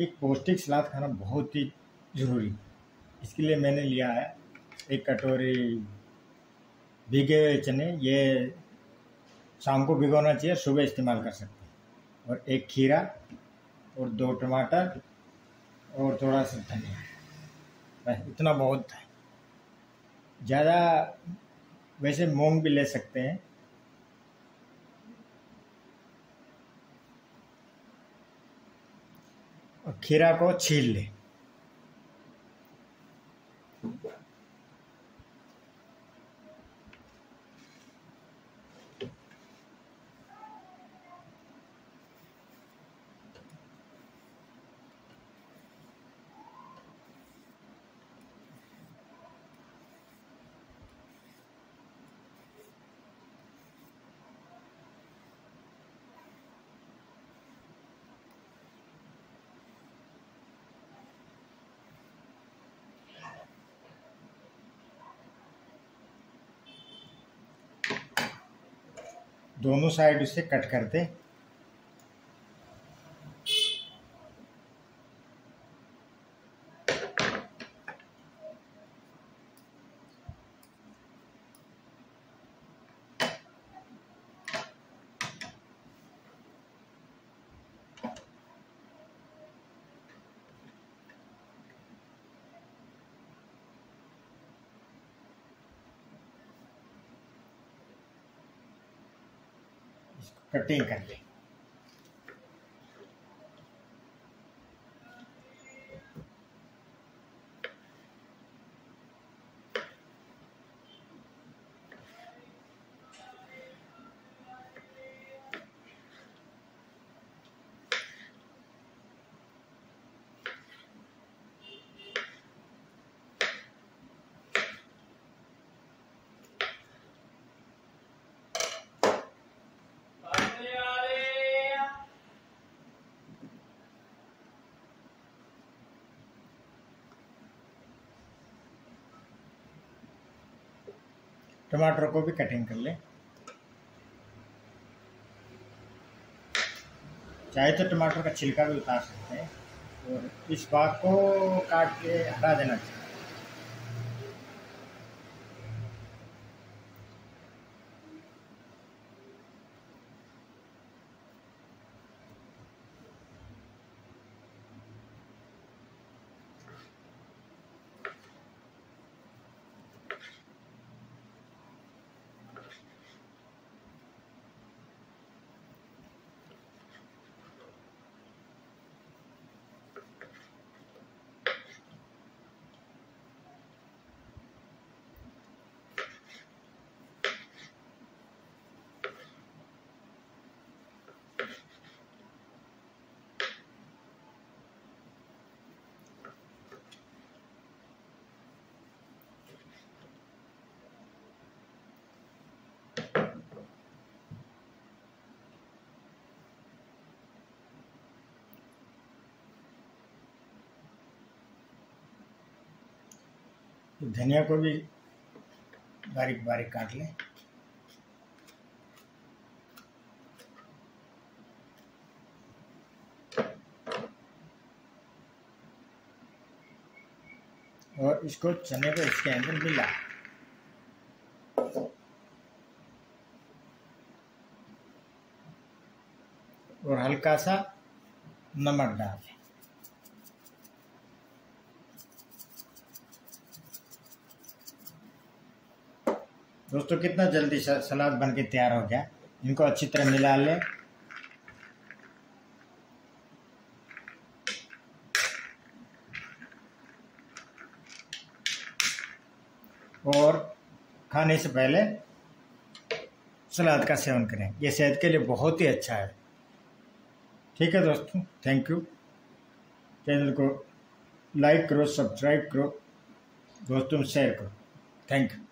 एक पौष्टिक सलाद खाना बहुत ही ज़रूरी इसके लिए मैंने लिया है एक कटोरी भीगे हुए चने ये शाम को भिगोना चाहिए सुबह इस्तेमाल कर सकते हैं और एक खीरा और दो टमाटर और थोड़ा सा धनिया बस इतना बहुत है ज़्यादा वैसे मूंग भी ले सकते हैं Quiero Chile. दोनों साइड उसे कट कर 这个感觉。टमाटर को भी कटिंग कर लें चाहे तो टमाटर का छिलका भी उतार सकते हैं और इस बाग को काट के हटा देना चाहिए तो धनिया को भी बारीक बारीक काट लें और इसको चने को इसके अंदर मिला और हल्का सा नमक डाल दें दोस्तों कितना जल्दी सलाद बन के तैयार हो गया इनको अच्छी तरह मिला लें और खाने से पहले सलाद का सेवन करें ये सेहत के लिए बहुत ही अच्छा है ठीक है दोस्तों थैंक यू चैनल को लाइक करो सब्सक्राइब करो दोस्तों शेयर करो थैंक यू